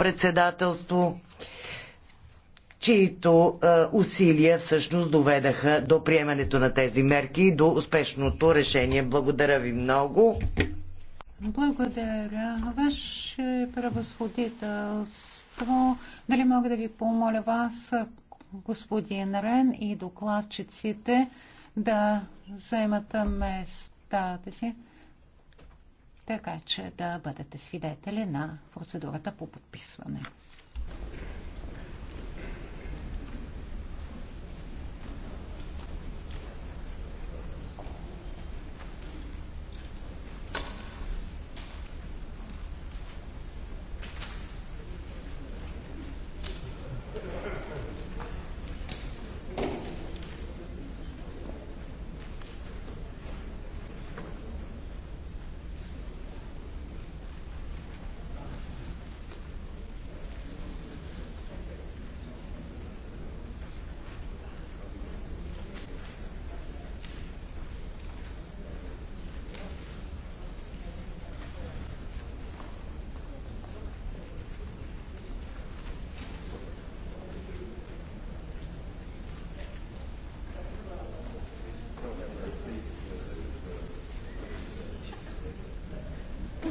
председателство, чието е, усилия всъщност доведаха до приемането на тези мерки и до успешното решение. Благодаря ви много. Благодаря. Ваше превъзходителство, дали мога да ви помоля вас, господин Рен и докладчиците, да заемат местата си? така че да бъдете свидетели на процедурата по подписване.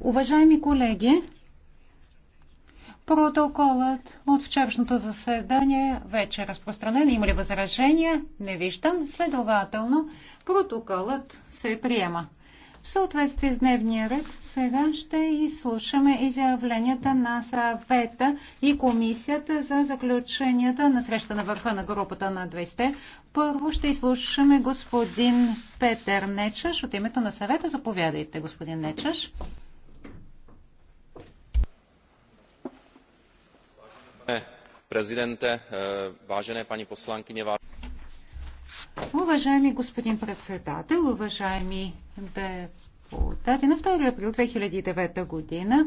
Уважаеми колеги, протоколът от вчерашното заседание вече е разпространен. Има ли възражения? Не виждам. Следователно, протоколът се приема. В съответствие с дневния ред, сега ще изслушаме изявленията на съвета и комисията за заключенията на среща на върха на групата на 200. Първо ще изслушаме господин Петър Нечаш от името на съвета. Заповядайте, господин Нечаш. Е, президенте, е, важене пани посланкиня, Уважаеми господин председател, уважаеми депутати, на 2 април 2009 година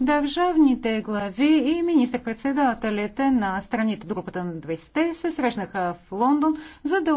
държавните глави и министър-председателите на страните групата на 20 се срещнаха в Лондон, за да